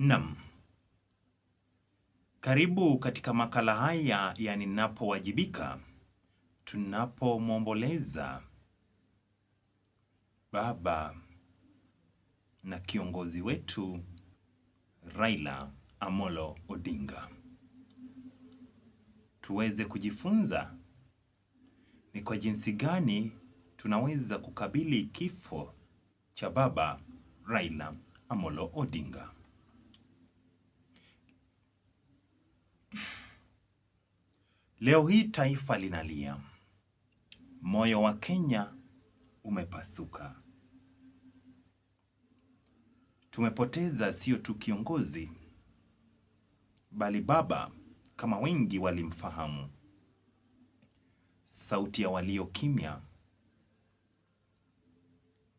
Naam. Karibu katika makala haya ya Ninapowajibika, tunapomwomboleza baba na kiongozi wetu Raila Amolo Odinga, tuweze kujifunza ni kwa jinsi gani tunaweza kukabili kifo cha baba Raila Amolo Odinga. Leo hii taifa linalia, moyo wa Kenya umepasuka. Tumepoteza sio tu kiongozi, bali baba, kama wengi walimfahamu, sauti ya walio kimya,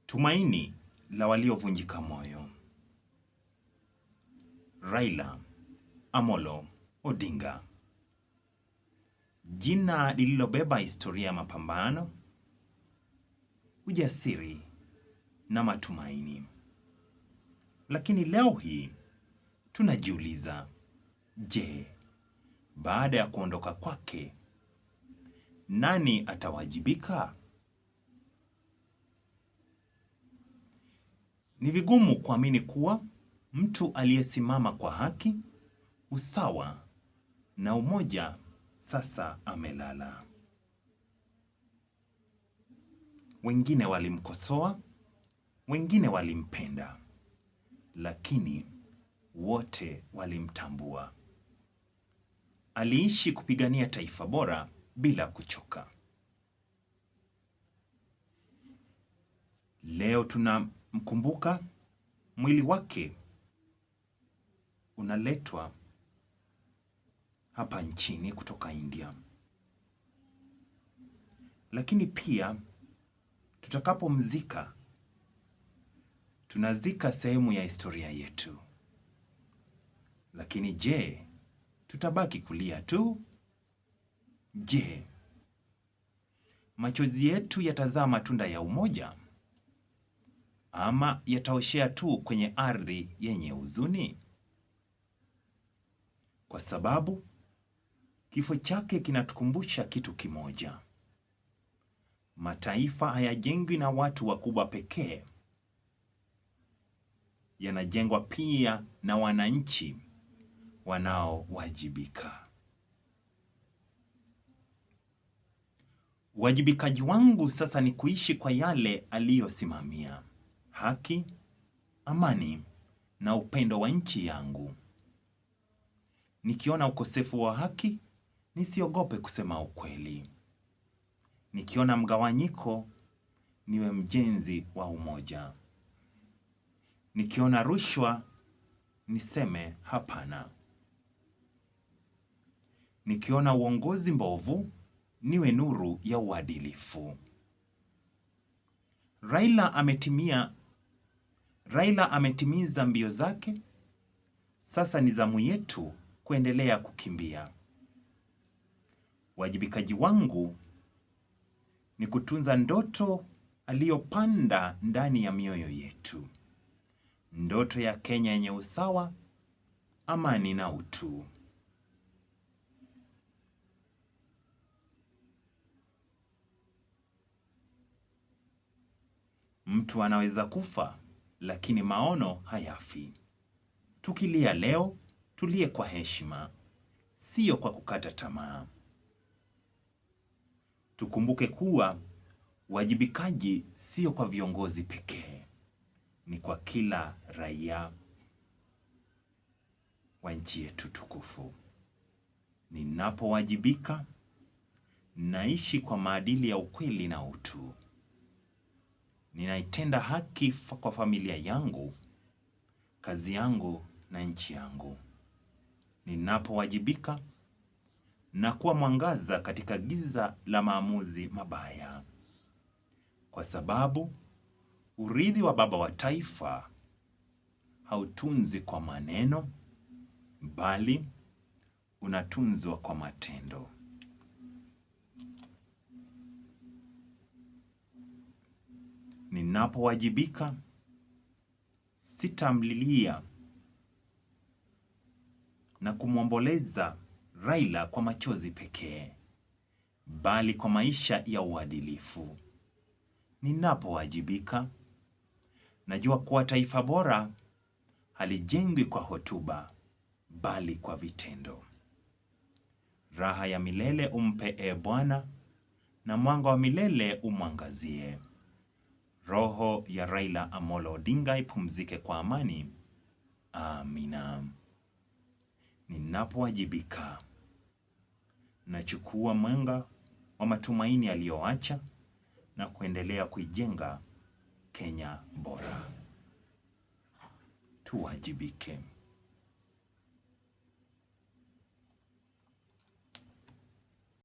tumaini la waliovunjika moyo, Raila Amolo Odinga jina lililobeba historia ya mapambano, ujasiri na matumaini. Lakini leo hii tunajiuliza, je, baada ya kuondoka kwake nani atawajibika? Ni vigumu kuamini kuwa mtu aliyesimama kwa haki, usawa na umoja sasa amelala. Wengine walimkosoa, wengine walimpenda, lakini wote walimtambua. Aliishi kupigania taifa bora bila kuchoka. Leo tunamkumbuka, mwili wake unaletwa hapa nchini kutoka India. Lakini pia tutakapomzika, tunazika sehemu ya historia yetu. Lakini je, tutabaki kulia tu? Je, machozi yetu yatazaa matunda ya umoja ama yataoshea tu kwenye ardhi yenye huzuni? Kwa sababu Kifo chake kinatukumbusha kitu kimoja: mataifa hayajengwi na watu wakubwa pekee, yanajengwa pia na wananchi wanaowajibika. Uwajibikaji wangu sasa ni kuishi kwa yale aliyosimamia: haki, amani na upendo wa nchi yangu. Nikiona ukosefu wa haki nisiogope kusema ukweli. Nikiona mgawanyiko, niwe mjenzi wa umoja. Nikiona rushwa, niseme hapana. Nikiona uongozi mbovu, niwe nuru ya uadilifu. Raila ametimia, Raila ametimiza mbio zake. Sasa ni zamu yetu kuendelea kukimbia wajibikaji wangu ni kutunza ndoto aliyopanda ndani ya mioyo yetu, ndoto ya Kenya yenye usawa, amani na utu. Mtu anaweza kufa lakini maono hayafi. Tukilia leo, tulie kwa heshima, sio kwa kukata tamaa tukumbuke kuwa uwajibikaji sio kwa viongozi pekee, ni kwa kila raia wa nchi yetu tukufu. Ninapowajibika naishi kwa maadili ya ukweli na utu, ninaitenda haki kwa familia yangu, kazi yangu na nchi yangu. Ninapowajibika na kuwa mwangaza katika giza la maamuzi mabaya, kwa sababu urithi wa baba wa taifa hautunzi kwa maneno bali unatunzwa kwa matendo. Ninapowajibika sitamlilia na kumwomboleza Raila kwa machozi pekee, bali kwa maisha ya uadilifu. Ninapowajibika, najua kuwa taifa bora halijengwi kwa hotuba, bali kwa vitendo. Raha ya milele umpe e Bwana, na mwanga wa milele umwangazie. Roho ya Raila Amolo Odinga ipumzike kwa amani. Amina. Ninapowajibika Nachukua mwanga wa matumaini aliyoacha na kuendelea kuijenga Kenya bora. Tuwajibike.